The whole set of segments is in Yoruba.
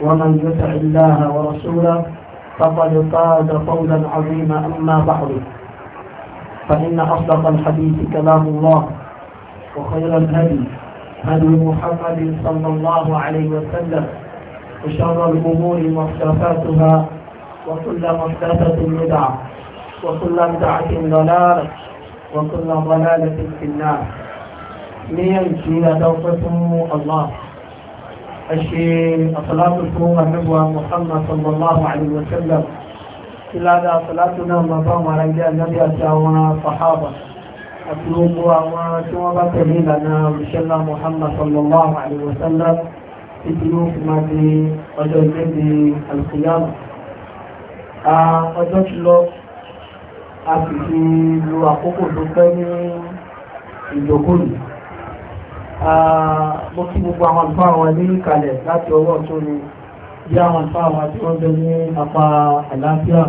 ومن يطع الله ورسوله فقد فاز فوزا عظيما أما بعد فإن أصدق الحديث كلام الله وخير الهدي هدي محمد صلى الله عليه وسلم وشر الأمور محدثاتها وكل محدثة بدعة وكل بدعة ضلالة وكل ضلالة في النار. من يجي لتوقفه الله الشيء الصلاة الكريمة نبوة محمد صلى الله عليه وسلم إلا ذا صلاتنا مبام على إلى النبي أتاوى صحابة أطلبوا أما توبة لنا مشلا محمد صلى الله عليه وسلم في ضيوف ما في رجل القيامة ọjọ́ ti lọ a sì fi lo àkókò tó pẹ́ ní ìjókòó yìí mo kí gbogbo àwọn àlùfáà àwọn ilé ìkàlẹ̀ láti ọwọ́ tó ní bí àwọn àlùfáà àwọn tí wọ́n bẹ ní apá àlàáfíà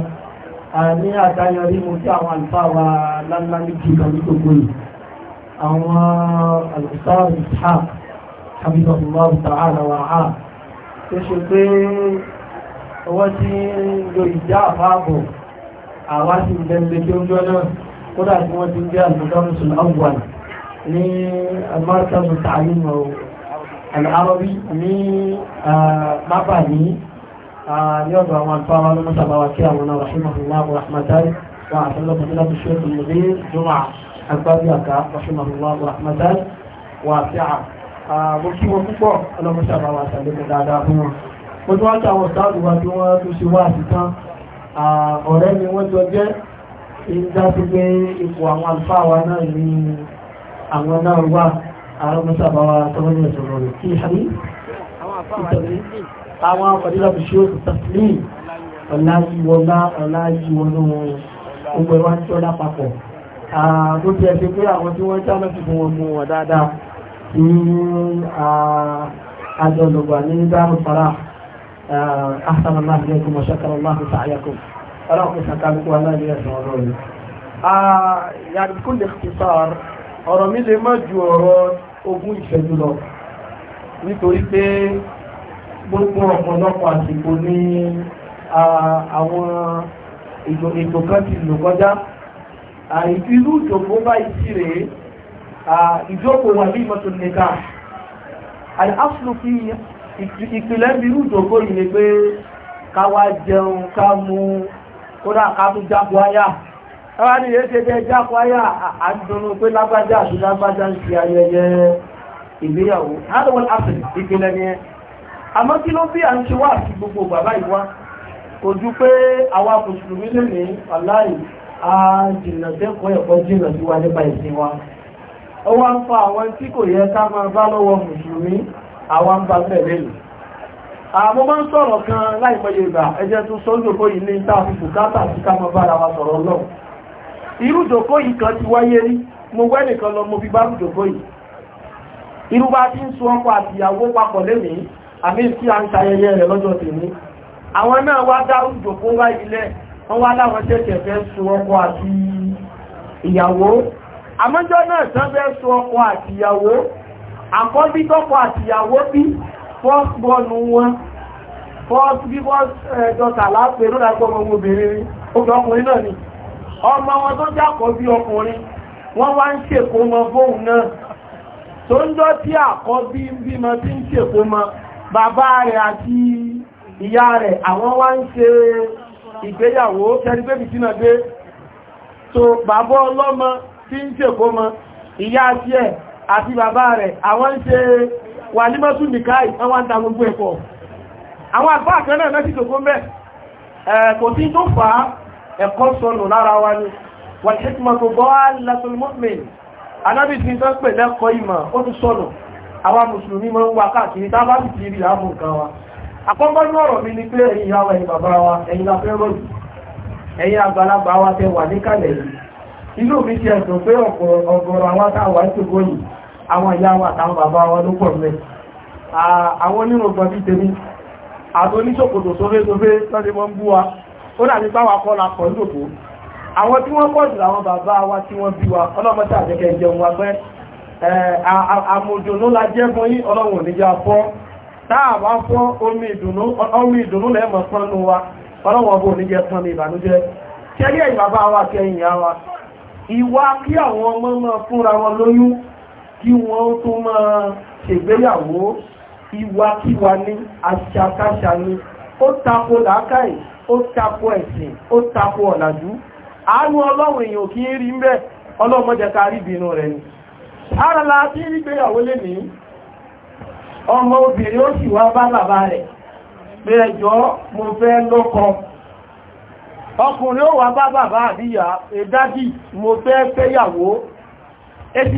ní àdáyọrí mo kí àwọn àlùfáà wa lánlá méjì kan ní gbogbo yìí àwọn àlùfáà ìṣáà Habibullah ta'ala wa ha tó ṣe pé ọwọ́ tí lo ìjà àbáàbọ̀ àwa sì ń bẹ́ẹ̀ lé kí ó jọ náà kódà tí wọ́n ti ń jẹ́ àlùfáà ní markazu ta'alim al-arabi ní mábà ní ní ọ̀dọ̀ àwọn àlùfáà ló mọ́ta bá wa kí àwọn náà rahimahullah rahmatan wa àtàlọ́ fún ilẹ̀ ṣe tó lè jọmọ́ àgbábí àká rahimahullah rahmatan wa fi à mo kí wọn púpọ̀ ọlọ́mọṣà bá wa sàlẹ̀ dáadáa fún wọn mo tún wá tàwọn sáàlù wa àwọn náà wà àwọn mọ́sàbáwà tó wọ́n yẹ̀ sọ̀rọ̀ rẹ̀ kí ìhàrí àwọn àpàdílàbù ṣe ó tàbí ọláyíwọlá ọláyíwọlú ogun ẹwà tí ó lápapọ̀ tó ti ẹ̀sẹ̀ pé àwọn tí wọ́n jámọ́ ti fún ọmọ wọn dáadáa tí àjọlọ̀gbà ní dáàrù fara ahsanallahu ilaykum wa shakarallahu sa'yakum ọlọ́pùsàkàlùkù aláìlẹ́sàn ọlọ́rẹ̀ ọ̀rọ̀ mi lè má ju ọ̀rọ̀ ogún ìṣẹ́jú lọ nítorí pé gbogbo ọ̀pọ̀lọpọ̀ àsìkò ní àwọn ètò kan ti lò kọjá ìfìlú ìjòkó báyìí sí rèé ìjókòó wà ní ìmọ̀tò nìkan àìláfúlù fi ìpìlẹ̀ bírú ìjòkó yìí ni pé ká jẹun ká mú kódà ká tún jágbó ayá ẹwà ní yẹ́ ṣe jẹ́ jápáyà àdúnnú pé lágbájá àti lágbájá ń ṣe ayẹyẹ ìgbéyàwó hardware apple ìpínlẹ̀ ni ẹ àmọ́ kí ló bí à ń ṣe wá àti gbogbo bàbá ìwá kò ju pé àwa mùsùlùmí lè ní aláì a jìnà dẹ́kọ̀ọ́ ẹ̀kọ́ jìnà sí wa nípa ìsìn wa ó wá ń fa àwọn tí kò yẹ ká máa bá lọ́wọ́ mùsùlùmí àwa ń ba bẹ́ẹ̀ àmọ́ máa ń sọ̀rọ̀ kan láìpẹ́ yorùbá ẹjẹ́ tó sọ́jọ́ bóyí ní táàfífù káàtà sí ká máa bára wa sọ̀rọ̀ náà irú ìjòkó yìí kan ti wáyé rí mo wẹ́ nìkan lọ mo fi bá ìjòkó yìí irú bá ti ń sun ọkọ àti ìyàwó papọ̀ lénìí àmì tí a ń ṣayẹyẹ rẹ̀ lọ́jọ́ tèmi àwọn náà wá dá ìjòkó wá ilẹ̀ wọ́n wá láwọn tẹ́tẹ̀ fẹ́ sun ọkọ àti ìyàwó àmọ́jọ́ náà tán fẹ́ sun ọkọ àti ìyàwó àkọ́bí àti ìyàwó bí first born wọn first bí first eh, daughter lápẹ̀ẹ́ ló dàgbọ́ ọmọ obìnrin ọkùnrin náà ni ọmọ wọn tó jákọ̀ bí ọkùnrin wọ́n wá ń ṣèkó mọ fóun náà tó ń jọ tí àkọ́bí bímọ tí ń ṣèkó mọ bàbá rẹ̀ àti ìyá rẹ̀ àwọn wá ń ṣe ìgbéyàwó kẹrí bébì tí náà dé bàbá ọlọ́mọ tí ń ṣèkó mọ ìyá tí ẹ̀ àti bàbá rẹ̀ àwọn ń ṣe wà nìkáì wọ́n ẹ̀kọ́ sọnù lára wa ni wal hikmatu dalatul mu'min anábì tí tó ń pè lẹ́kọ̀ọ́ ìmọ̀ ó tún sọnù àwa mùsùlùmí máa ń wá káàkiri tá ti rí àmú nǹkan wa àkọ́kọ́ ní ọ̀rọ̀ mi ni pé ẹ̀yin ìyá wa ẹ̀yin bàbá wa ẹ̀yin la fẹ́ rọ̀jù ẹ̀yin àgbàlagbà wa tẹ wà níkàlẹ̀ yìí inú mi ti ẹ̀sùn pé ọ̀gọ̀rọ̀ àwọn táwà ń tòkó yìí àwọn ìyá wa àtàwọn bàbá wa ló pọ̀ mẹ́ àwọn onírògbọ̀n bíi tèmi àti oníṣòkòtò sófé sófé lọ́dẹ ń bú wa ó dàbí bá wa kọ́ la pọ̀ lóko àwọn tí wọ́n pọ̀ jù àwọn bàbá wa tí wọ́n bí wa ọlọ́mọdé àjẹkẹ́ jẹun wa pẹ́ àmòdùnú la jẹ́ fún yí ọlọ́run níjà fọ́ táàbá fọ́ omi ìdùnnú lẹ́mọ̀ fọ́nú wa ọlọ́run ọbọ̀ oníjẹ́ fún mi ìbànújẹ́ kẹ́rí ẹ̀yìn ya wa ìwà kí àwọn ọmọ máa fúnra wọn ní àṣàkáṣà ni ó tako làákàyè ó tako ẹ̀sìn ó tako ọ̀làjú àánú ọlọ́run èèyàn kí ń rí mẹ́ ọlọ́mọdé ká rí rẹ̀ ni ara la tí ń gbéyàwó lè ní ọmọ obìnrin ó sì wá bá bàbá rẹ̀ pé mo fẹ́ lọ́kọ ọkùnrin ó wá bá bàbá àbíyà mo fẹ́ fẹ́yàwó èsì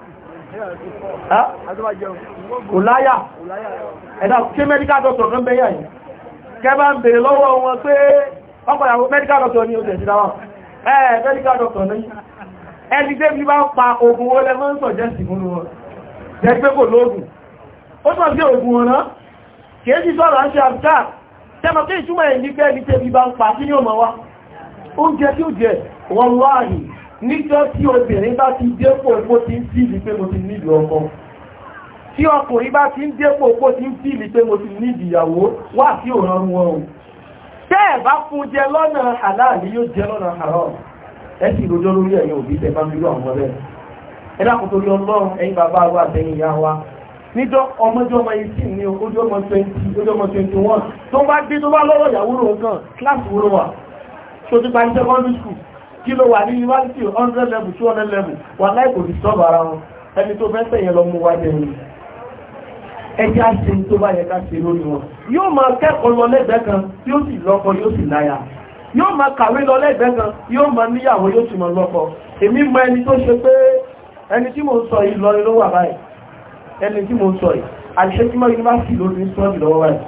ọláyà ẹ̀dá kí medical doctor kan bẹ́yà yìí kẹba ń bèèrè lọ́wọ́ wọn pé ọpọ̀lọpọ̀ medical doctor ni ó tẹ̀ ẹ̀ medical doctor ní ẹni tẹ́ bí bá pa ogun ó lẹ́mọ́ ń sọ̀jẹ́sì fún wọn jẹ́ pé kò lóògùn ó sọ sí ogun wọn náà kìí sí sọ́rọ̀ àṣẹ àbúkà tẹ́mọ̀ kí ìtumọ̀ ẹ̀ ní níjọ́ tí obìnrin bá ti dépò epo ti ń fìlì pé mo ti nílì ọkọ tí ọkùnrin bá ti ń dépò epo ti ń fìlì pé mo ti nílì ìyàwó wà sí òran wọn o tẹ́ ẹ̀ bá fún jẹ lọ́nà àláàlì yóò jẹ lọ́nà àárọ̀ ẹ sì rojọ́ lórí ẹ̀yin òbí tẹ́ bá nílò àwọn ọ̀rẹ́ ẹ dákun torí ọlọ́run ẹ̀yin bàbá wa àtẹ̀yìn ìyá wa níjọ́ ọmọdé ọmọ ìsìn ní ojú ọmọ 20 ojú ọmọ 21 tó bá gbé tó bá lọ́wọ́ ìyàwó lóòkan kíláàsì wúrò wà tó ti parí secondary school kí ló wà ní yunifásitì hundred level two hundred level wà láì kò sí sọ́ọ̀bù ara wọn ẹni tó fẹ́ sẹ̀yìn lọ mú wájú ẹni ẹjẹ́ àṣẹ tó bá yẹ ká ṣe lórí wọn yóò máa kẹ́kọ̀ọ́ lọ lẹ́gbẹ̀ẹ́ kan yóò sì lọ́kọ yóò sì láyà yóò máa kàwé lọ lẹ́gbẹ̀ẹ́ kan yóò máa níyàwó yóò sì máa lọ́kọ èmi mọ ẹni tó ṣe pé ẹni tí mo ń sọ yìí lọrin ló wà báyìí ẹni tí mo ń sọ yìí àṣẹ tí mo yunifásitì ló ti ń sọ́ọ̀dì lọ́wọ́ báyìí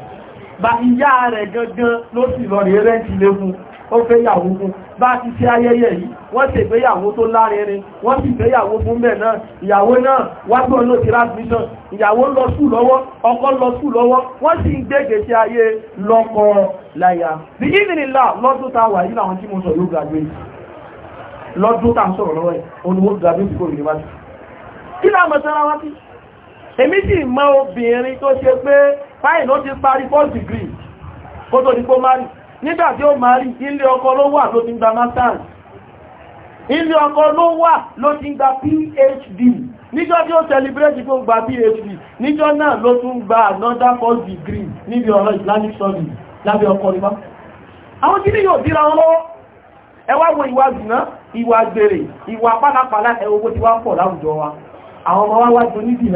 bá ìyá rẹ̀ gangan ló sì lọ rèé rẹ́ǹtì lé fún un ó fẹ́ yàwó fún bá ti ṣe ayẹyẹ yìí wọ́n ṣe ìgbéyàwó tó lárinrin wọ́n sì ìgbéyàwó fún bẹ́ẹ̀ náà ìyàwó náà wá gbọ́n ló ti rásmíṣàn ìyàwó lọ sùn lọ́wọ́ ọkọ lọ sùn lọ́wọ́ wọ́n sì ń gbégbé sí ayé lọ́kọ láya bí ìdìnnìlá lọ́dún tá a wà yìí làwọn tí mo sọ yóò graduate lọ́dún tá a sọ̀rọ̀ lọ́wọ́ ẹ̀ oníwó graduate kò yunifásitì kí náà mọ̀ sára wá sí èmi sì mọ obìnrin tó ṣe pé fáìn ó ti parí first degree kó tó di kó márì nígbà tí ó máa ilé ọkọ ló wà ló ti gba masters ilé ọkọ ló wà ló ti gba phd níjọ́ tí ó celebrate kó gba phd níjọ́ náà ló tún gba another first degree níbi ọ̀rọ̀ islamic studies lábẹ́ ọkọ rí bá àwọn ní yóò wo ìwà ìwà gbèrè ìwà pálapàla tí wá pọ̀ wa àwọn wa wá jọ níbi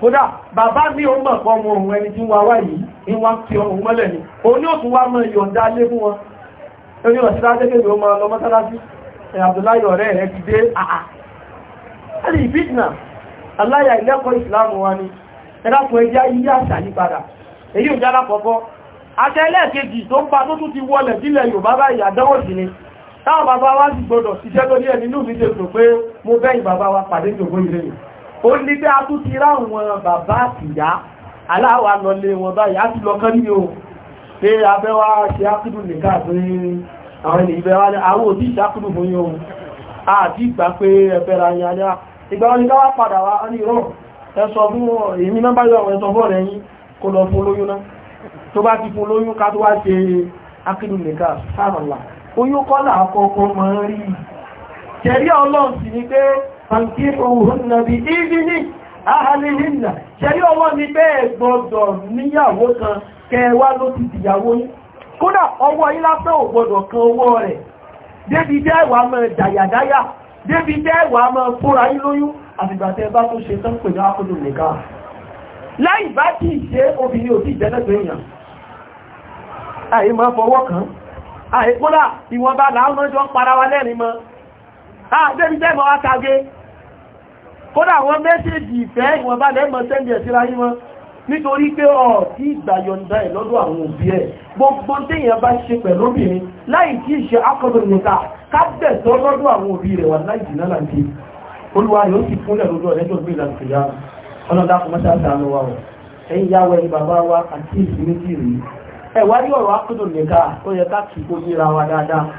kódà bàbá ní o mọ̀ kọ́ ọmọ ohun ẹni tí wọ́n wá yìí ní wọ́n fi ọmọ mọ́lẹ̀ ni o ní òtún wá mọ́ ìyọ̀ndá lé fún wọn orí ọ̀sílájẹ́gbẹ̀rẹ̀ ọmọ ọlọ́mọ́sálásí Abdullahi ọ̀rẹ́ rẹ̀ ti wa ni ẹ̀dàkùn ẹjá ilé àṣà yí padà èyí ò jára kọ̀ọ̀kọ́ àtẹ́lẹ̀ kejì tó ń pa tó tún ti wọlẹ̀ sílẹ̀ Yorùbá báyìí àdánwò sí ni táwọn bàbá wa sì gbọdọ̀ ṣiṣẹ́ lórí ẹ̀ nínú mi ṣe rò pé mo bẹ́yìn bàbá wa pàdé ìjòkó ilé yìí ó ní bí a tún ti ráwọn bàbá àtìyá aláwà lọlé wọn báyìí á ti lọ kán ní o pé abẹ́wà ṣe ákùdù nìkan pé àwọn ènìyàn ìbẹ̀wà ní àwọn òbí ìṣàkùdù fún yóò àti ìgbà pé ẹ̀fẹ́ra yà ní ìgbà wọn ni káwà padà wá ní ìrọ̀ ẹsọ fún èmi náà báyọ̀ àwọn ẹsọ fún ọ̀rẹ́ yìí kó lọ fún olóyún tó bá ti fún olóyún ká tó wá ṣe ákùdù sáàrànlá oyún kọ́lá àkọ́kọ́ mọ́ rí tẹ̀rí ọlọ́run sì pé فانكحوهن بإذن أهلهن ṣẹ̀rí ọwọ́ ní bẹ́ẹ̀ gbọ́dọ̀ níyàwó kan kẹwa ló ti tìyàwó yí kódà ọwọ́ yí lásán ò gbọ́dọ̀ kan owó rẹ̀ débi dẹ́wà mọ́ dàyàdáyà débi dẹ́wà mọ́ fúra yí lóyún àfìgbàtẹ́ bá tó ṣe tán pẹ̀lú ápùlù nìkan láì bá tí ìṣe obìnrin ò tí ìjẹ́lẹ́gbẹ̀ èèyàn àyè máa fọwọ́ kan àyè kódà mọ́ àdébí ah, tẹ́mọ̀ àkàgé kódà wọn mẹ́sẹ̀jì ìfẹ́ ìwọ̀nba lẹ́mọ̀ sẹ́ndì ẹ̀ síra yí wọn nítorí pé ọ̀ tí ìgbàyọ̀ǹda ẹ̀ lọ́dọ̀ àwọn òbí ẹ̀ gbogbo téèyàn bá ṣe pẹ̀lú obìnrin láì tí ì ṣe akọ̀dọ̀ nìta ká bẹ̀sọ́ lọ́dọ̀ àwọn òbí rẹ̀ wà láì jìnnà láti olúwa yóò sì fúnlẹ̀ lọ́dọ̀ ẹ̀jọ̀ gbé ìlànà ìyá ọlọ́dà kò mọ́ṣá sàánú wa ọ̀ ẹ̀yìn yá wẹ̀ bàbá wa àti ìsinmi sí rèé ẹ̀wá rí ọ̀rọ̀ akọ̀dọ̀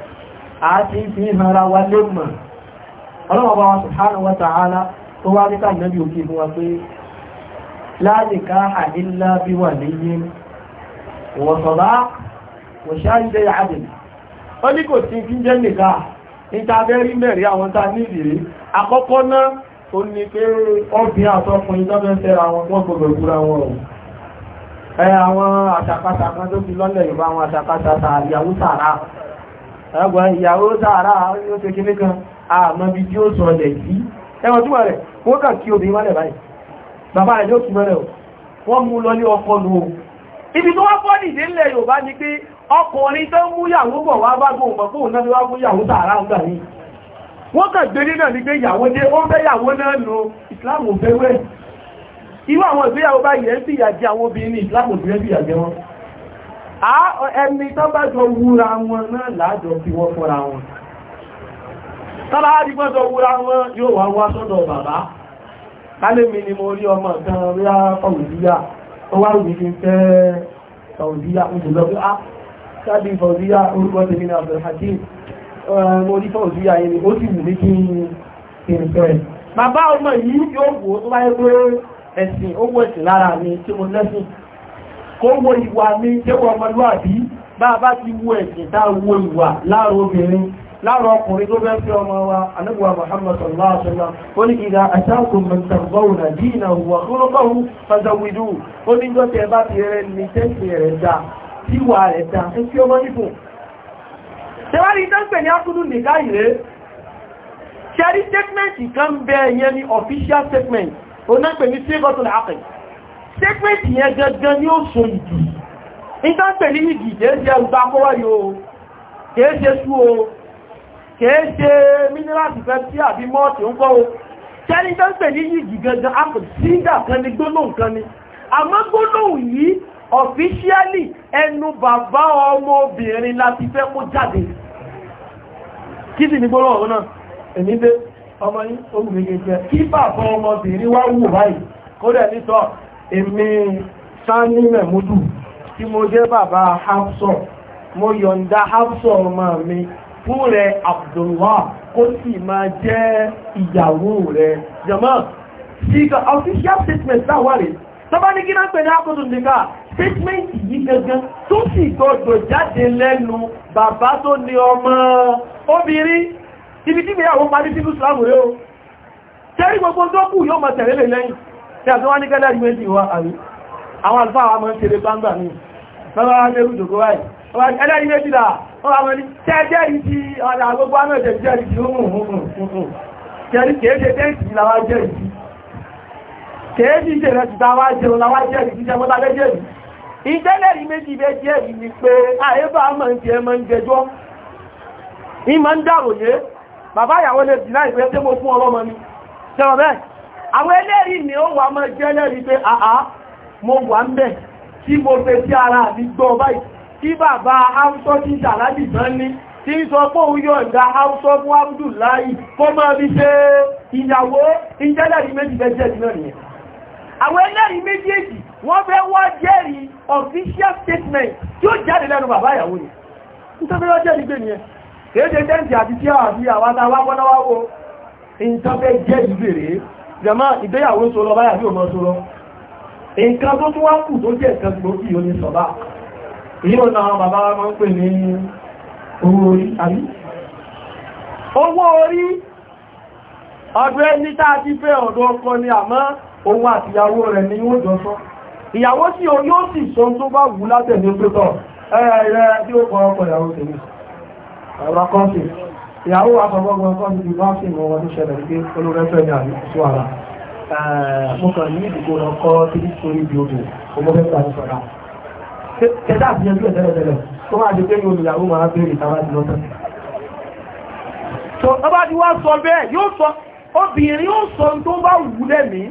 àti fi hànra wa lè mọ̀ ọlọ́wọ́bá wa subhanahu wa ta'ala tó wá ní káà nẹ́bí òkè fún wa pé la nikaha illa bí wà níyìn ìwọ̀sọ̀lá wọ̀ṣáìdẹ̀ àdìl ó ní kò tí kí jẹ́ nìká ìtàbẹ́rí mẹ́rin àwọn tá ní ìdìrí àkọ́kọ́ náà tó ní pé ọbí àtọ́kùn ìtọ́bẹ̀ẹ́sẹ̀ra wọn wọ́n gbogbo wọn ohun ẹ àwọn àṣàkáṣà kan tó fi lọ́lẹ̀ Yorùbá àwọn àṣàkáṣà tààrí àwúsàrá ẹgbọ́n ìyàwó tààrà yóò ṣe kí nìkan àmọ́ bí tí ó sọ ọ̀lẹ̀ sí ẹwọ̀n túnmọ̀ rẹ̀ wọ́n kà kí obìnrin wálẹ̀ báyìí bàbá rẹ̀ yóò túnmọ̀ rẹ̀ wọ́n mú lọ ní ọkọ lò ibi tó wá fọ́ nìdí ńlẹ̀ Yorùbá ni pé ọkùnrin tó ń mú yàwó bọ̀ wá bá gbóhùn mọ̀ fóun náà ni wá mú yàwó tààrà ń gbà ní wọ́n kà gbé nínà ní pé ìyàwó dé ó ń fẹ́ yàwó náà lo Islam ò fẹ́ wẹ̀ irú àwọn ìgbéyàwó ẹni tó bá jọ wúra wọn náà láàjọ fi wọ́n fọ́ra wọn tọ́lá àdìgbọ́jọ wúra wọn yóò wá wá sọ́dọ̀ bàbá kálẹ́mì ni mo rí ọmọ kan rí ọ̀rùdíyà ó wá rùn ní fẹ́ ọ̀rùdíyà ń jùlọ pé á sáàdì ọ̀rùdíyà orúkọ tèmi ní Abdulhakeem mo rí ọ̀rùdíyà yìí ó sì wù mí kí n fẹ́ bàbá ọmọ yìí yóò wò ó tó wáyé pé ẹ̀sìn ó wọ̀ sí lára mi tí mo lẹ́sìn kó wo ìwà mi jẹ́wọ́ ọmọlúwàbí bá a bá ti wo ẹ̀sìn dá wo ìwà láàrọ̀ obìnrin láàrọ̀ ọkùnrin tó bẹ́ fẹ́ ọmọ wa anábùwà Muhammad sallallahu alaihi wasallam ó ní ìdá àtàkùn mẹ́tàgbọ́wò nà dínà wà kúrọ́kọ́hù fàzàwìdú ó ní gbọ́tẹ̀ bá ti rẹ̀ ní ṣẹ́rí statement kan bẹ́ẹ̀ yẹn ní official statement ó náà pè ní sígọ́tún àpẹ̀ statement yẹn gangan ni ó so ìdì ìtànpẹ̀ ní ìdì kèése ẹgbà kọ́wọ́ yóò kèése sú o kèése minerals fẹ́ tí àbí mọ́ọ̀tì ń kọ́ o tẹ́lí ìtànpẹ̀ ní ìdì gangan apò síngà kan ni gbólóhùn kan ni àmọ́ gbólóhùn yìí ọ̀fíṣíálì ẹnu bàbá ọmọ obìnrin láti fẹ́ kó jáde kí sì ní gbólóhùn ọ̀rọ̀ náà èmi dé ọmọ yìí gẹ́gẹ́ kí bàbá ọmọbìnrin wá wù báyìí kódẹ̀ nítọ́ èmi sani mẹ̀múdù tí mo jẹ́ bàbá hapsọ̀ mo yọ̀ǹda hapsọ̀ ọmọ mi fún rẹ̀ Abdullah kó sì máa jẹ́ ìyàwó rẹ̀ jẹ́mọ́ síga official statement láwọ́ rẹ̀ tọ́bá ní kí náà pẹ̀lú àkóso nìkan statement yìí gangan tó sì gbọdọ̀ jáde lẹ́nu bàbá tó ní ọmọ obìnrin ibi tí ìgbéyàwó parí sí Islam rẹ̀ o tẹ́rí gbogbo tó kù yóò máa tẹ̀lé lẹ́yìn tí a tó wá ní gẹ́lẹ̀ ìwéjì wá àrí àwọn alfáà wá mọ́ ń ṣeré gbangba ní bàbá wá ní rúdò gbáyì ẹlẹ́ ìwéjì là wọ́n wá mọ́ ní tẹ́jẹ́ ìdí ọ̀dà gbogbo àmì ẹ̀jẹ̀ jẹ́ ìdí ohun ohun ohun kẹrí kéèké tẹ́ǹtì làwá jẹ́ ìdí kéèké ìdí rẹ̀ ti tàwá jẹun làwá jẹ́ ìdí jẹ́ mọ́ta jẹ́ ìdí ìtẹ́lẹ̀ ìméjì bẹ́ jẹ́ ìdí ni pé àyébà mọ́ ń jẹ mọ́ ń jẹjọ́ ìmọ̀ ń dàròyé bàbá ìyàwó lè dì láìpẹ́ tí mo fún ọlọ́mọ mi tẹ́wọ̀ bẹ́ẹ̀ àwọn ẹlẹ́rìí ni ó wà mọ́ jẹ́ lẹ́rìí pé àá mo wà ń bẹ̀ tí mo fẹ́ sí ara mi gbọ́ báyìí tí bàbá haúsọ́ tí jàlábì tán ní tí ń sọ pé òun yóò ìgbà haúsọ́ fún Abdullahi kó máa bí ṣe ìyàwó ìjẹ́lẹ̀rí méjì fẹ́ jẹ́ ìdínà official statement tí ni nítorí wọ́n jẹ́rìí pé nìyẹn kéde tẹ́ǹtì àti tí àwọn àti àwọn àtàwọn akọ́náwá wo ìjọba jẹ́rìí bèrè jẹmọ́ ìgbéyàwó tó lọ báyà bí o mọ́ tó lọ nǹkan tó tún wá kù tó jẹ́ nǹkan tó kí o ní sọ̀bá èyí ò náà bàbá máa ń pè ní owó orí àbí owó orí ọdún ẹni tá a ti fẹ́ ọ̀dọ̀ ọkọ ni àmọ́ òun àti ìyàwó rẹ̀ ni yóò jọ sọ ìyàwó tí o yóò sì sọ tó bá wù látẹ̀ ní pẹ́tọ̀ ẹ̀rẹ̀ tí ó kọ ọkọ ìyàwó tèmi ọ̀rọ̀ kọ́ńtì ìyàwó àfọwọ́gbọ́n fọ́n ti bá sí ìmọ̀ wọn tó ṣẹlẹ̀ pé olórẹ́fẹ́ ní àmì sí ara mo kàn ní ìdìbò lọ kọ́ tí ní sórí ibi odò ọmọ fẹ́ gbà ní sọ̀rọ̀ kẹta àti ẹbí ẹ̀ tẹ́lẹ̀tẹ́lẹ̀ tó máa di pé ní olùyàwó máa béèrè tàbá ti lọ́tọ̀ tó ọba ti wá sọ bẹ́ẹ̀ yóò sọ obìnrin yóò sọ tó bá wù lẹ́mí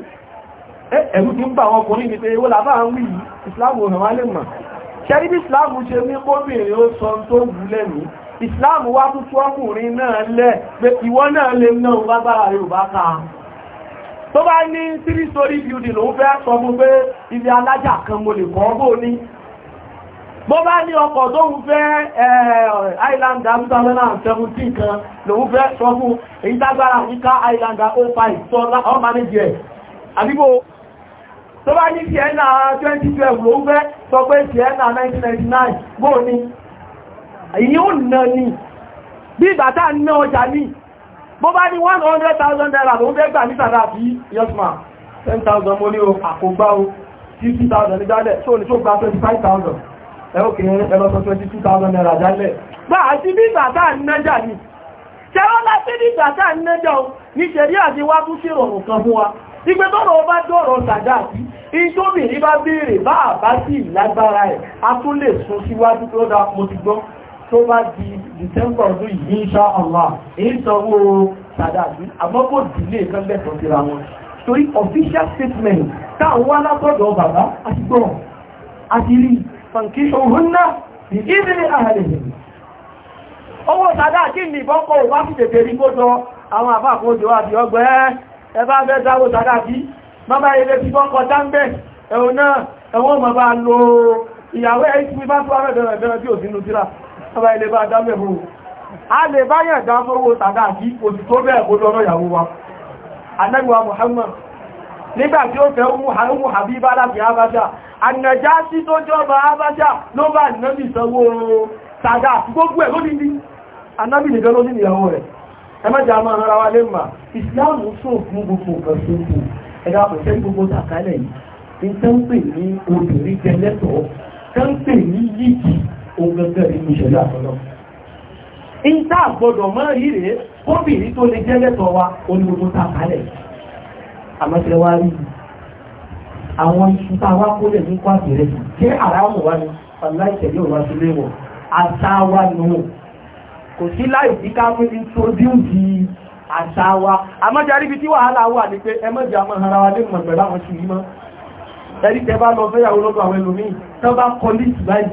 ẹ̀rù tí ń bà wọn ọkùnrin ni pé wọ́n làbá ń wí ìsìláàmù ọ̀nà wálé mọ̀ ṣẹ́rí bí ìsìláàmù ṣe ní kóbìnrin ó sọ tó wù lẹ́mí islam wá tún tún ọkùnrin náà lẹ́ pé ìwọ náà lè náà ń bábára yorùbá ká tó bá ní three story building fẹ́ sọ mú pé ibi alájà kan mo lè kọ́ bó ọkọ̀ tó ń fẹ́ eh, island oh tó bá ní sienna 2012 fẹ́ sọ pé sienna èyí ó nà ní bí ìgbàtà ná ọjà ní bó bá ní 100,000 naira tó ń fẹ́ gbà ní sàdá sí yọ́sùmá 10,000 mo ní o àkógbá o 50,000 ní jálẹ̀ tó ní tó gba 25,000 ẹ̀ọ́kẹ́ ẹlọ́sọ 22,000 naira jálẹ̀ gbà àti bí ìgbàtà nájà ní tẹ́wọ́ láti bí ìgbàtà nájà ní ṣẹ̀rí àti wá tún ṣèrọ̀rùn kan fún wa ìgbé tọ́rọ bá dọ́rọ̀ sàdáàkì ìjọ́bìnrin bá béèrè bá àbá sí ìlágbára ẹ̀ a tún lè sún síwájú tó dá mo ti gbọ́ tó bá di December ọdún yìí insha Allah èyí sanwó sàdáàbí àmọ́ kò dìlé kan lẹ́tọ̀ọ́ síra wọn torí official statement táwọn wá látọ̀dọ̀ bàbá àti gbọ́ àti rí fàǹkì òhun náà ní ìdílé àhàlẹ̀ owó sàdáàkì ní ìbọ́kọ̀ wá fi tètè rí kó jọ àwọn àbá àkójọ àti ọgbẹ́ ẹbá bẹ́ dáwó sàdáàkì bàbá ilé ti bọ́kọ̀ dáńgbẹ̀ ẹ̀wọ̀n náà ẹ̀wọ̀n mọ̀ bá lo ìyàwó ẹ̀ ọba ilé bá dámẹ́ fún a lè bá yẹ̀ dá fọ́wọ́ tàdá àti òtù tó bẹ́ẹ̀ kó lọ́nà ìyàwó wa anẹ́gbà Muhammad nígbà tí ó fẹ́ umu Habiba láti Habasha An-Najashi tó jọba Habasha ló bá nẹ́bì sanwó tàdá àti gbogbo ẹ̀ lónìí anábì nìkan ló ní ìyàwó rẹ̀ ẹmẹ́jà máa rárá wa lè mà ìsìláàmù sóòfún gbogbo nǹkan sóòfù ẹ̀dá pẹ̀sẹ̀ gbogbo tàkálẹ̀ yìí ní tẹ́ńpè ní obìnrin jẹ lẹ́tọ̀ọ́ òun gẹ́gẹ́ nínú ìṣẹ̀lẹ̀ àtọ́lọ́ ìta àgbọ̀dọ̀ mọ́ ríre kóbìrí tó lè jẹ́ lẹ́tọ̀ wa onígbogbo ta kalẹ̀ àmọ́tẹ́ wá rí àwọn iṣu ta wá kó lẹ̀ ní kwàtí rẹ̀ kí àrámù wá ní aláìsẹ̀lé òwá sí léwọ̀ àṣà wa nù kò sí láì sí ká mú introduce àṣà wa àmọ́tẹ́ aríbi tí wàhálà wà ní pé ẹmọ́jì àmọ́ ara wa lè mọ̀ pẹ̀lú àwọn ṣùgbọ́n ẹ̀rí tẹ bá lọ fẹ́yàwó lọ́dọ̀ àwọn ẹlòmíì tán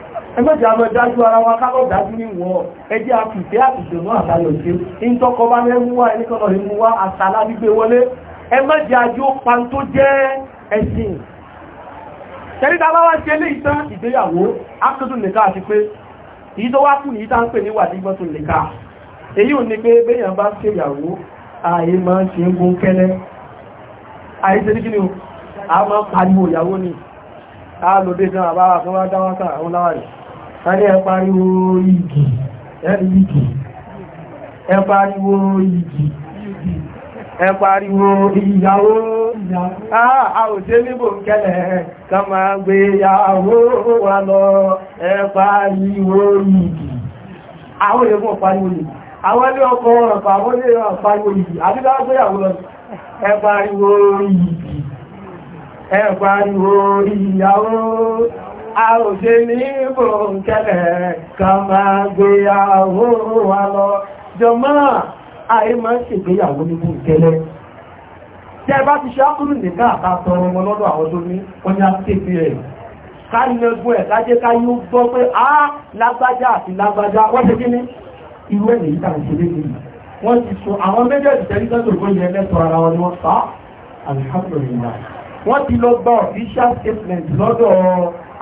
ẹgbẹ́jì àmọ́ dájú ara wa kábọ̀ dájú ní wọ́n ẹjẹ́ àfìfẹ́ àtìjọ̀nà àtàyọ̀ ṣe ń tọ́kọ bá lẹ́ mú wá ẹnikọ́nà lè mú wá àtàlá gbígbé wọlé ẹgbẹ́jì àjò pan tó jẹ́ ẹ̀sìn tẹ́lítà bá wá ṣe lé ìtàn ìgbéyàwó ápùtù nìka àti pé èyí tó wá kù ní ìta a máa ń àbára àwọn láwàrí ẹni ẹ pariwo igi ẹni igi ẹ pariwo igi ẹ pariwo ìyàwó ah, a ò ṣe níbò kẹlẹ̀ ká máa gbé ìyàwó wà lọ ẹ pariwo igi àwọn èèyàn fún ọ̀pariwo igi àwọn ilé ọkọ̀ ọ̀pá àwọn ilé ọ̀pariwo igi àdídá gbéyàwó ìyàwó a ò ṣe ní bòńkẹ́lẹ̀ ká máa gbéyàwó wa lọ jọmọ́ àìmọ́ ṣègbéyàwó ní bòńkẹ́lẹ̀ tẹ́ bá ti ṣákùrù nìkan àtàtọrọ ọmọ lọ́dọ̀ àwọn tó ní wọ́n ní àtẹ́kì rẹ̀ káyẹ̀gbọ́ ẹ̀ kájẹ́ káyẹ̀ ó gbọ́ pé á lágbájá àti lágbájá wọ́n ti kíní irú ẹ̀ lèyí tàbí ṣe léde wọ́n ti sọ àwọn méjèèjì tẹ́lí sọ́tò tó yẹ lẹ́tọ̀ ara wọn ni wọ́n sá àlùfáàfẹ́ rẹ̀ wọ́n ti lọ gbọ́ official statement lọ́dọ̀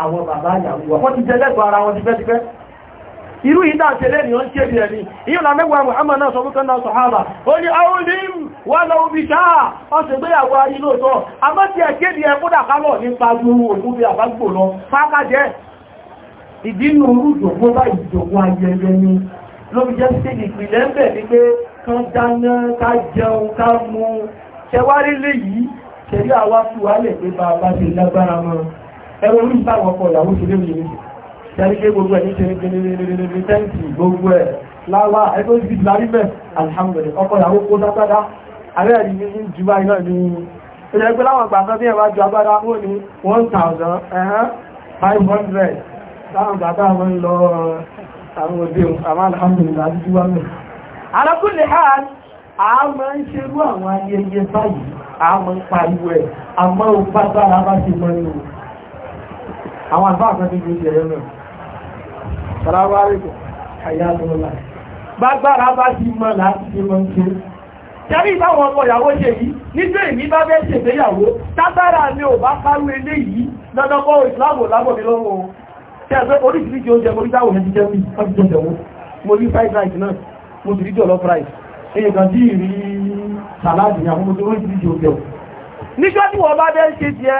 àwọn bàbá ìyàwó wọ́n ti jẹ́lẹ́gbọ́ ara wọn ti fẹ́ ti fẹ́ irú ìdá àtẹ́lẹ́ ni ó ń ṣe ẹni ìyọ́ na mẹ́wàá Muhammad náà sọ mọ́kànlá sọ̀hábà ó ní aulim wà lọ omi ṣáà ọ̀sẹ̀gbéyàwó ayé lóòtọ́ àmọ́tí ẹ̀kéde ẹkúdà kálọ̀ nípa gbogbo òkú bí àbágbò lọ fákàjẹ́ ìdínú orúdògbó bá ìjòkó ayẹyẹ ni ló fi jẹ́ sí ìpìlẹ̀ ń bẹ̀ ní pé kán dáná ṣẹwárí lè yìí ṣẹ̀rí àwá fi pé bàbá ti lágbára mọ́ ẹwọ orí bá wọn kọ ìyàwó ti léwu yìí tẹ́lí pé gbogbo ẹ̀ ní ṣe ní tẹ́ǹtì gbogbo ẹ̀ láwá ẹgbẹ́ òsì ti lárí bẹ́ẹ̀ alihamudulilayi ọkọ ìyàwó kó sápádá ààrẹ ẹ̀rí ní ní jù báyìí náà ní ilẹ̀ pé láwọn gbàgbọ́ bí ẹ bá ju agbára ó ní one thousand five hundred láwọn gbàgbọ́ àwọn ń lọ àwọn òde àwọn alihamudulilayi àti jù wá mẹ́. alákùnrin hàn àmọ́ ń ṣerú àwọn ayẹyẹ báyìí àmọ́ ń pariwo ẹ̀ àmọ́ ò bá bára bá ti mọ́ ní òun àwọn àlùfáà kan ti ju ti ẹ̀rẹ́ mẹ́rin sàlámù aláìkùm àyà àtọ́lọ́lá gbágbára bá ti mọ́ láti fi mọ́ ń ṣe tẹ́rí ìbáwọn ọmọ ìyàwó ṣe yìí nígbé ìní bá bẹ́ ṣe ìgbéyàwó tábára mi ò bá kárú ilé yìí lọ́dọ́kọ́ ìsìláàmù lábọ̀ mi lọ́wọ́ tẹ́ẹ̀fẹ́ oríṣiríṣi oúnjẹ mo rí táwọn ẹni jẹ́ mi ọdún tó jẹ̀wó mo rí fried rice náà mo sì rí jọ̀lọ́ price èyí kan tí ì rí sàláàdì àwọn mo ti oríṣiríṣi oúnjẹ níjọ́ tí wọ́n bá bẹ́ ṣe tiẹ̀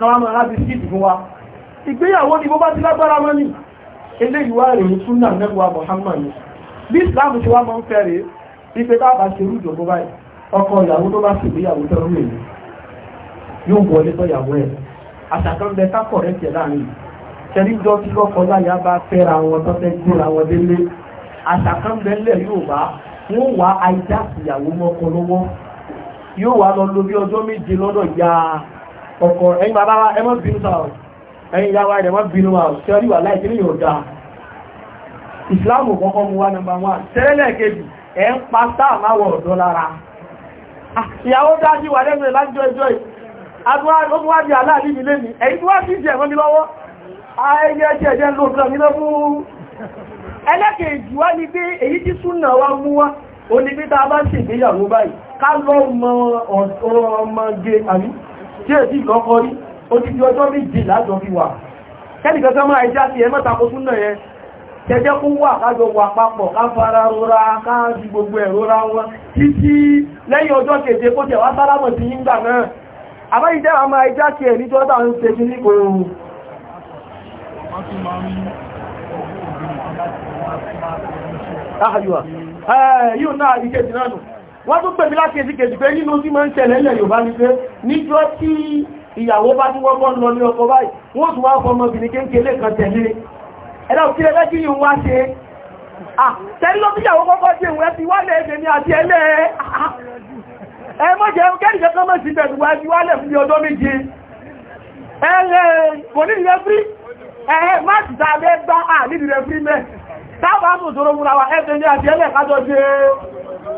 káwà máa rábi sí ìdìgún wa ìgbéyàwó ni bó bá ti lágbára mọ́ ní ilé ìwà rẹ̀ ní súnà nẹ́gbà Muhammad bí Islam ti wá máa ń fẹ́ rèé ipe tá a bá ṣe rújò bó báyìí ọkọ ìyàwó tó bá ṣègbéyàwó tó rú èyí yóò wọlé tọ́yàwó ẹ̀ àṣàkàn bẹ ká kọ̀rẹ́ tẹ̀ láàrin ṣẹlí jọ kí lọ́kọ láyà bá fẹ́ra wọn tó fẹ́ gbóra wọn wá lọ lórí ọjọ́ méje lọ́dọ̀ yáa ọkọ̀ ẹ̀yin bàbá wa ẹ má bínú sáà ẹ̀yin ìyá wa ẹ má bínú wa ṣe orí wà láì kí ni yóò dáa ìsìláàmù kọ́kọ́ mú wá nọmbà wá tẹ́lẹ̀ kejì ẹ̀ ń pa sáàmáwọ̀ ọ̀dọ́ lára ah, ìyàwó dájí wà lẹ́nu ìlájọ́ ìjọ́ ìgbàgbàgbàgbà aláàbíbi lé ní ẹ̀yí tó wá sí ìjẹ̀ mọ́ mi lọ́wọ́ ayẹyẹ ẹjẹ́ ẹjẹ́ ń lò ọ̀dọ́ mi lọ́wọ́ ẹlẹ́kẹ̀ẹ́jì wá ní pé èyí tí súnà wá mú tí èsì ìkọ́kọ́ rí ó ti ọjọ́ méje lájọ bí wà kẹ́nìkẹ́kẹ́ máa ẹjá sí ẹmẹ́ta kó súnà yẹn kó wà kájọ papọ̀ ká fara rora ká ju gbogbo ẹ̀rora wọn títí lẹ́yìn ọjọ́ keje kó wá sí yíngbà náà àwọn máa sí wọ́n tún pèmí láti èsì kejì pé nínú tí máa ń ṣẹlẹ̀ ilẹ̀ Yorùbá ní pé níjọ́ tí ìyàwó bá tún wọ́pọ̀ lọ ní ọkọ báyìí wọ́n tún wá ọkọ̀ ọmọbìnrin kéńkélé kan tẹ̀lé ẹ̀dá òkè ẹgbẹ́ kí yìí wá ṣe tẹ́lú tí ìyàwó kọ́kọ́ ṣe ìwẹ́ ti wálẹ̀ èdè ní àti ẹlẹ́ ẹ mọ́ jẹ́ e kẹ́rìnkẹ́ kan mọ́ sí bẹ̀rù wá ti wálẹ̀ fún táwọn àmùsọ̀rọ̀ múra wa ẹ̀ẹ́dẹ̀ ní àti ẹlẹ́ kájọ́ ṣe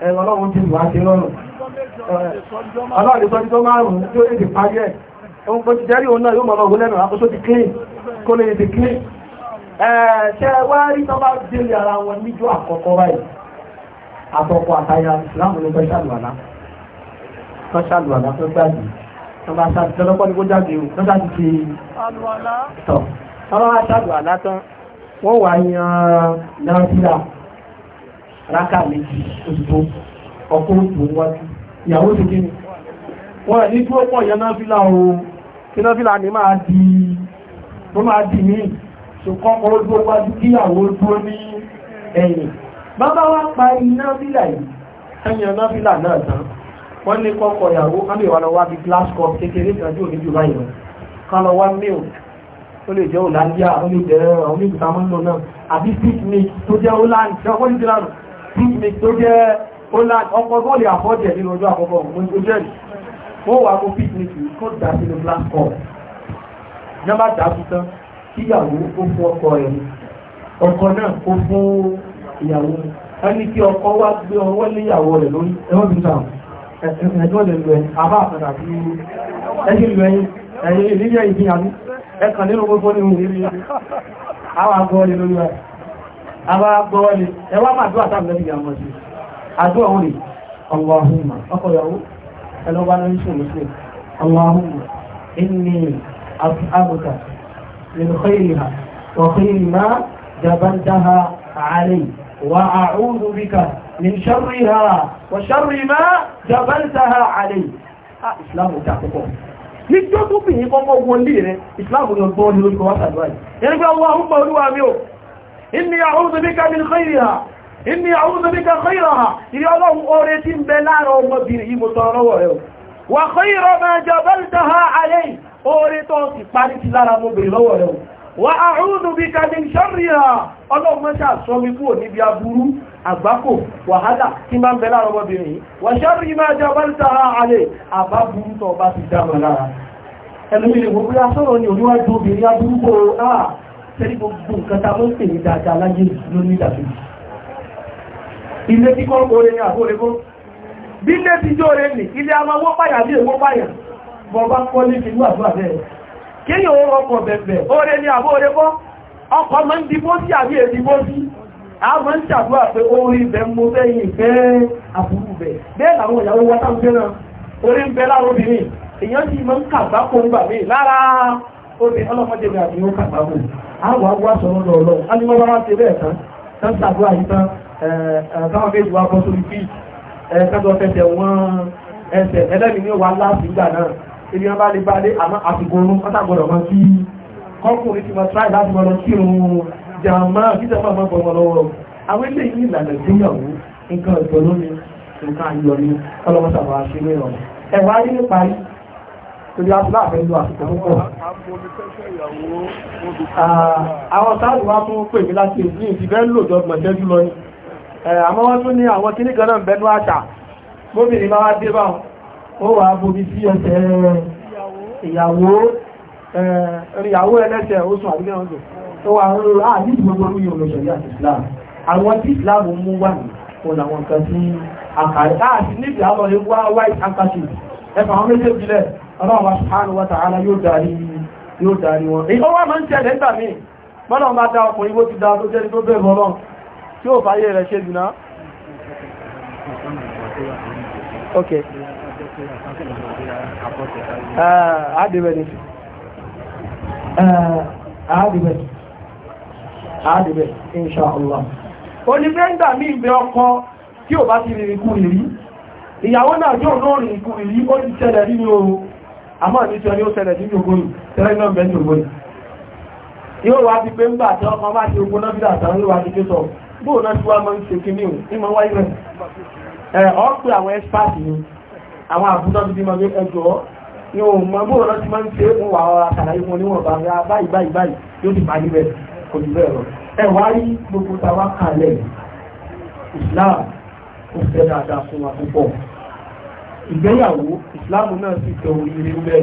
ẹ̀rọ ọlọ́run ti wà sí rọrùn ọlọ́run sọ́jú tó márùn-ún tí ó lè parí ẹ̀ ohun kò ti jẹ́rí òun náà yóò mọ̀ ọ̀rọ̀ lẹ́nu àkóso ti clean kó lè ti clean ṣe wá rí tó bá délé ara wọn níjọ́ àkọ́kọ́ báyìí àtọ̀kọ̀ àtàyà ìsìláàmù ló fẹ́ ṣàlùwàlá tó ṣàlùwàlá tó gbàgbé tó bá ṣàlùwàlá ni kó jáde rákà méjì òṣìṣẹ́ ọkọ̀ òkú wájú ìyàwó ti kí ni wọ́n rẹ̀ ní tí ó pọ̀ yẹn náà fílà o kí náà fílà ní máa di tó máa di mí ṣùkọ́ ọkọ̀ ojú wájú kíyàwó dúró ní ẹ̀yìn bàbá wa pa iná fílà yìí ẹ̀yìn náà fílà náà tán wọ́n ní kọ́kọ́ ìyàwó kámi ìwà lọ wá bí glass cup kékeré ìtàjú òní jù báyìí lọ ká lọ wá milk ó lè jẹ́ òlàndíà ó lè jẹ́ onígbìtàmọ́nù náà àbí picnic tó jẹ́ òlàndíà wọ́n ní picnic tó jẹ́ ọkọ̀ tó lè àfọ́jẹ̀ nínú ọjọ́ àkọ́kọ́ òun tó jẹ́ wọ́n wà kó picnic kó dà sínú black hole nígbà dà tuntun kíyàwó ó fún ọkọ rẹ̀ ọkọ náà ó fún ìyàwó ẹni kí ọkọ wá gbé ọwọ́ léyàwó rẹ̀ lórí ẹwọ́n bí sáà ẹjọ́ lè lọ ẹ̀yìn àbá àpẹẹrẹ àti ẹjọ́ lè lọ ẹ̀yìn ìrírí ẹ̀yìn ìfihàn ẹ̀kan nínú gbogbo nínú ìrírí àwọn àgọ́ lè lórí àwọn agbọ́wọ́ ni ẹwà máa dúwà sáà lẹ́bí ìyàwó sí àdúwà wọn ni Allahumma ọkọ̀ ìyàwó ẹlọ́gbà lórí sí òmùsí Allahumma inni as'aluka min khayriha wa khayri ma jabaltaha alayhi wa a'udhu bika min sharriha wa sharri ma jabaltaha alayhi ìsìláàmù tí àkọ́kọ́ ní tí ó tún bìyìn kọ́kọ́ wọlé rẹ̀ ìsìláàmù yọ̀ gbọ́ ní lórí kọ́wàtà lọ́wọ́ ẹni pé ọwọ́ àwọn ọmọ olúwa mi ò inni a'udhu bika min khayriha inni a'udhu bika khayraha ìrí ọlọ́run oore tí ń bẹ láàrin ọmọbìnrin yìí mo tọrọ lọ́wọ́ rẹ̀ wà khayra ma jabaltaha alayhi oore tó ti parí ti lára ọmọbìnrin lọ́wọ́ rẹ̀ wà a'udhu bika min sharriha ọlọ́run mọ́ṣà sọ mi kúrò níbi aburú àgbákò wàhálà tí máa ń bẹ láàrin ọmọbìnrin wà sharri sẹ́rí gbogbo nǹkan ta mọ́ pè ní dáadáa láyé ló ní ìdàkejì ilé tí kọ́ oore ní àbórégó bí ilé ti jó oore nì ilé a máa wó pàyà bí èwó pàyà bọ́ọ̀bá kọ́ ní ìlú àdúrà bẹ́ẹ̀ kéèyàn ó rọpọ̀ bẹ̀bẹ̀ oore ní àbórégó ọkọ̀ máa ń dìbò sí àbí èdìbò sí àwọn ń ṣàdúrà pé orí ibẹ̀ mo fẹ́ yìí fẹ́ àbúrú bẹ̀ bẹ́ẹ̀ làwọn ìyàwó wa táwọn fẹ́ràn orí ń bẹ lára obìnrin èèyàn sì máa ń kàgbá kó ń gbà mí lára obìnrin ọlọ́mọdé mi àbí ó kàgbá kó àwọn àwọn aṣọ́rọ̀ lọ lọ alímọ́bá wá ṣe bẹ́ẹ̀ tán tán ṣàdúrà yìí tán táwọn sórí fíì kájọ fẹsẹ̀ wọ́n ẹsẹ̀ ẹlẹ́mì ní wà láti ìgbà náà ibi wọn bá lè bá lé àmọ́ àsìkò oorun pátágbọ́dọ̀ torí aláàfẹ́ lọ àsìkò púpọ̀. Ah, àwọn sáàdù wá fún pè mí láti ní ìfìfẹ́ lòjọ gbọ̀njẹ́jú lọ ní. Eh, àmọ́ wọ́n tún ní àwọn kíní kan náà bẹnu àṣà, gómìnà máa dé bá ó wà bomi sí ẹsẹ̀ ìyàwó eh, ìyàwó ẹlẹ́sẹ̀ oṣù àbílẹ̀ ọdún. Ó wà ń rọrọ̀ àní ah, ìgbogbo orí olóṣèlú àti Islam. Àwọn tí Islam mú wà ní òun àwọn nǹkan tí àkàrí. Láàrín níbi àwọn ewu white handkerchief. Ẹfà àwọn méjèèjì lẹ̀ ọlọ́run subhanahu wa ta'ala yóò darí wọn èyí ọwọ́ ma ń tẹ́lẹ̀ ń gbà mí mọ́nà bá dá ọkùnrin bó ti dá tó jẹ́ tó bẹ̀rẹ̀ ọlọ́run tí ó fàyè rẹ̀ ṣe jùlá ok àádìbẹ̀ inṣàlá onígbẹ́ngbà mí ìgbẹ́ àmọ́ ní tí ọ ní ó sẹlẹ̀ ní ogun tẹ́lẹ̀ náà mẹ́rin ogun yíò wá ti pé ńgbà tí ọkọ̀ máa ti ogun náà bídà tán ló wá ti ké sọ bóò náà tí wá mọ́ ń kí ní ní wáyé rẹ̀ ẹ̀ ọ́ pé àwọn ni àwọn ẹjọ́ ní bóò náà ti ń ìgbéyàwó ìsìláàmù náà sì tẹ oríire rẹ̀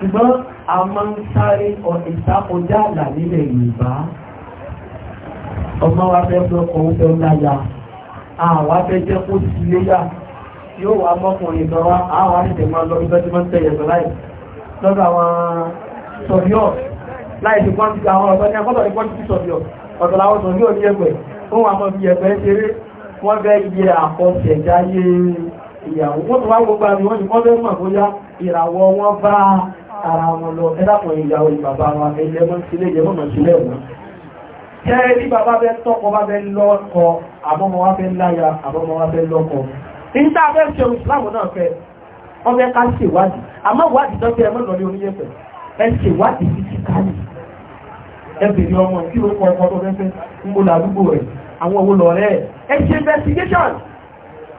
ṣùgbọ́n a máa ń sáré ìsákọjá àlà nílẹ̀ Yorùbá ọmọ wa fẹ́ fẹ́ ọkọ̀ oúnjẹ ńláyà àwa fẹ́ jẹ́ kó ti léyà yóò wá mọ́kùnrin kan wá àwa ṣẹ̀ṣẹ̀ máa lọ ibẹ́ tí wọ́n tẹ̀yẹ̀ sọ láì lọ́dọ̀ àwọn sọ̀bíọ̀ láì fi pọ́n ti àwọn ọ̀sán ní akọ́tọ̀ ní pọ́n ti sọ̀bíọ̀ ọ̀tọ̀ làwọn sọ̀bíọ̀ ní ẹgbẹ̀ fún àwọn ọmọ bíi ṣeré wọ́n fẹ́ yẹ àkọsẹ̀jáyé ìyàwó wọ́n tó wá gbogbo àmì wọ́n ni wọ́n lẹ́mọ̀ bóyá ìràwọ̀ wọn bá ara wọn lọ ẹ̀dàpọ̀ ìyàwó ìbàbá wa ẹ̀lẹ́ mọ́ sílé ìyẹn mọ́ sílẹ̀ wọn. kẹ́ ẹ ní bàbá bẹ tọkọ bá bẹ lọ́kọ àbọ́mọ wa bẹ láya àbọ́mọ wa bẹ lọ́kọ. ní tá a fẹ́ ṣe ìsìláàmù náà fẹ́ wọ́n fẹ́ ká ṣe ìwádìí àmọ́ ìwádìí tó fẹ́ ẹ mọ́ lọ́lé oníyẹ̀fẹ̀ ẹ ṣe ìwádìí títí káyì ẹ bèrè ọmọ kí ló kọ ọkọ tó fẹ́ fẹ́ ń bó làdúgbò rẹ̀ àwọn òwò lọ́rẹ́ ẹ ṣe investigation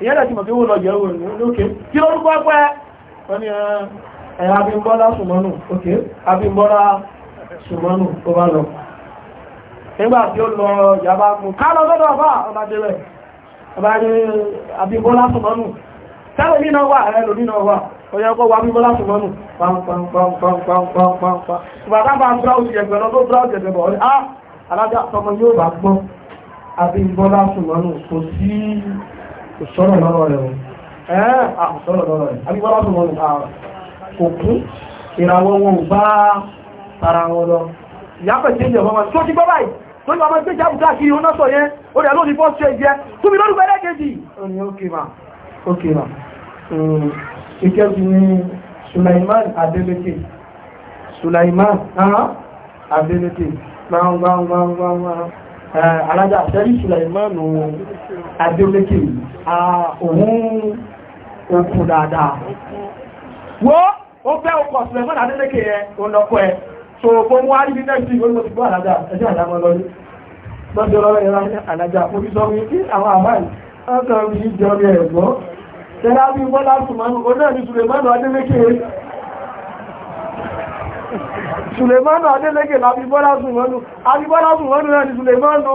ìyẹn láti mọ̀ pé wó lọ yẹ̀ wò lókè tí orúkọ pẹ́ wọ́n ni ẹ̀yà Abímbọ́lá Sùmọ́nù ok Abímbọ́lá Sùmọ́nù tó bá lọ nígbà tí ó lọ yàbá mú ká lọ́dọ̀ ọba ọba Sùmọ́nù kò sọ̀rọ̀ lọ́rọ̀ rẹ̀ o ẹ́ àkùsọ̀rọ̀ lọ́rọ̀ rẹ̀ abíbọ́lá tó wọn kò kú ìràwọ̀ wọn ò bá ara wọn lọ ìyáfẹ́ tí ìjọba wọn tó ti gbọ́ báyìí tó ní ọmọ ìgbéjà àbùdá kiri ó náà sọ yẹn ó rẹ̀ lónìí bọ́ ṣe jẹ tó mi lọ́dún bẹ́rẹ̀ kejì ó ní ókè mà ókè mà kíkẹ́ ti ní Sulaiman Adeleke Sulaiman Adeleke gbangbangbangba alájà sẹ́rí Sulaiman Adeleke yìí òun òkun dáadáa wo ó fẹ́ ọkọ̀ sílẹ̀ mọ́nà adélékè ẹ ònàkọ́ ẹ so bó wá rí next week olùmọ̀ ti gbọ́ àlájá ẹjọ́ àlámọ́ lọ́rí lọ́jọ́ lọ́rọ̀ ẹ̀rọ àlájá mo fi sọ mi kí àwọn àbáyì wọ́n sọ mi jọ mi ẹ̀gbọ́ tẹ́lá bí bọ́lá sùmánù onáà ni sùlẹ̀mánù adélékè sùlẹ̀mánù adélékè làbí bọ́lá sùmánù àbí bọ́lá sùmánù náà ni sùlẹ̀mánù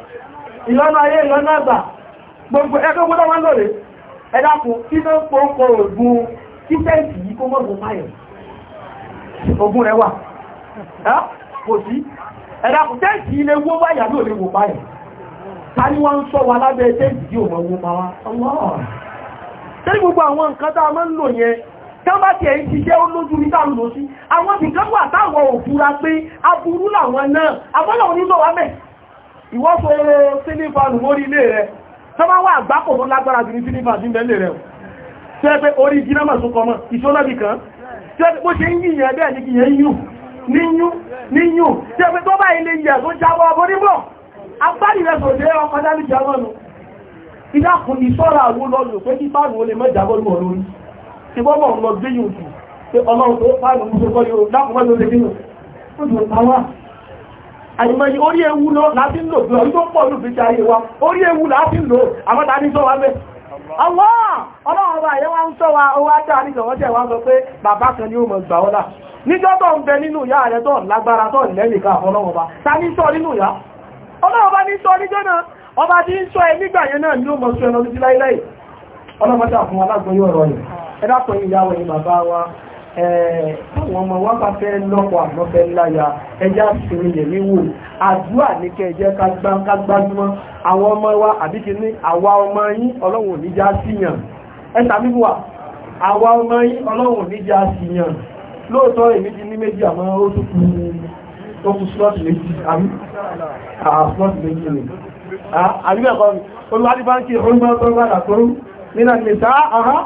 ìlọ́nà ayé ìlọ́nà àgbà gbogbo ẹgbẹ́ gbọ́dọ̀ wọ́n lòrè ẹ̀dàkùn kí ló ń pọ́nkọ ògùn kíṣẹ́ǹtì yìí kó mọ́gùn máyọ̀ ògùn rẹ̀ wà kò sí ẹ̀dàkùn tẹ́ǹtì ilé wó báyà ló lè wò báyà ta ni wọ́n ń sọ wa lábẹ́ tẹ́ǹtì yóò mọ̀ wó máa wá tẹ́lẹ̀ gbogbo àwọn nǹkan tá a máa ń lò yẹn kán bá ti ẹ̀yìn ti jẹ́ olójú ní táàrù lọ sí àwọn nìkan wà táwọn òfúra pé aburú làwọn náà àbọ́lọ̀ onílọ́wà mẹ́ ìwọ́sọ̀ sílífà nù mórí ilé rẹ̀ tó bá wà àgbákò tó lágbára jù ní sílífà sí mẹ́lẹ̀ rẹ̀ tí ẹ pé orí gínámà tó kọmọ ìṣọ́lọ́bì kan tí ó ṣe ń yìnyìn ẹgbẹ́ ní kìí yíyù níyún níyún tí ẹ pé tó bá ilé yẹ̀ tó jáwọ́ ọbọ̀ níbọ̀ agbárí rẹ̀ sọ̀dẹ́ ọkọ̀ dálí jáwọ́ nù ìdákùn ìṣọ́ra àwọn olóòlù pé kí fáànù ó lè mọ́ jábọ́ lù ọ̀lórí tí bọ́bọ̀ ń lọ gbé yìí òkú pé ọlọ́run tó fáànù mú tó kọ́ yóò dákùn mọ́ lórí kí àìmọye orí ewu lọ láti ń lò bí ọdún tó pọ̀ lùfẹ́ ti wa orí ewu láti ń lò àmọ́ta ní sọ́wọ́ mẹ́ Allah ọlọ́run ọba àyẹ́wà ń sọ wa owó ajá ní ìjọwọ́jẹ́ wá sọ pé bàbá kan ni mọ̀ ń ìyá rẹ̀ lágbára táwọn ọmọ wa bá fẹ́ lọ́pọ̀ àmọ́ fẹ́ láya ẹjá sinmi yẹ̀ wíwò àdúrà ní kẹjẹ́ kágbájúmọ́ àwọn ọmọ wa àbíkí ní àwa ọmọ yín ọlọ́run níjà síyàn ẹta bíbúwà àwa ọmọ yín ọlọ́run níjà síyàn lóòótọ́ èmi ní méjì àmọ́ ó tún kú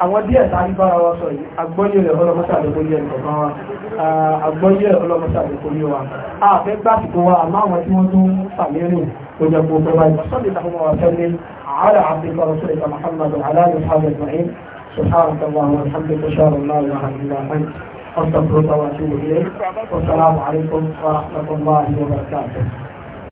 àwọn díẹ̀ tàbí bára wa sọ yìí agbóyé rẹ̀ ọlọ́mọ́sà lókòrí ẹ̀kọ̀kan wa agbóyé ọlọ́mọ́sà lókòrí wa ààfẹ́ gbásìkò wa àmáwọn tí wọ́n tún sàmírìn ojẹ́gbò pẹ̀lú àìsọ́lẹ̀ àwọn ọ̀sẹ́lẹ̀ àárẹ̀ àfíkọ̀ rọ̀sọ́lẹ̀ سبحانك اللهم وبحمدك اشهد ان لا اله الا انت استغفرك واتوب اليك والسلام عليكم ورحمه الله وبركاته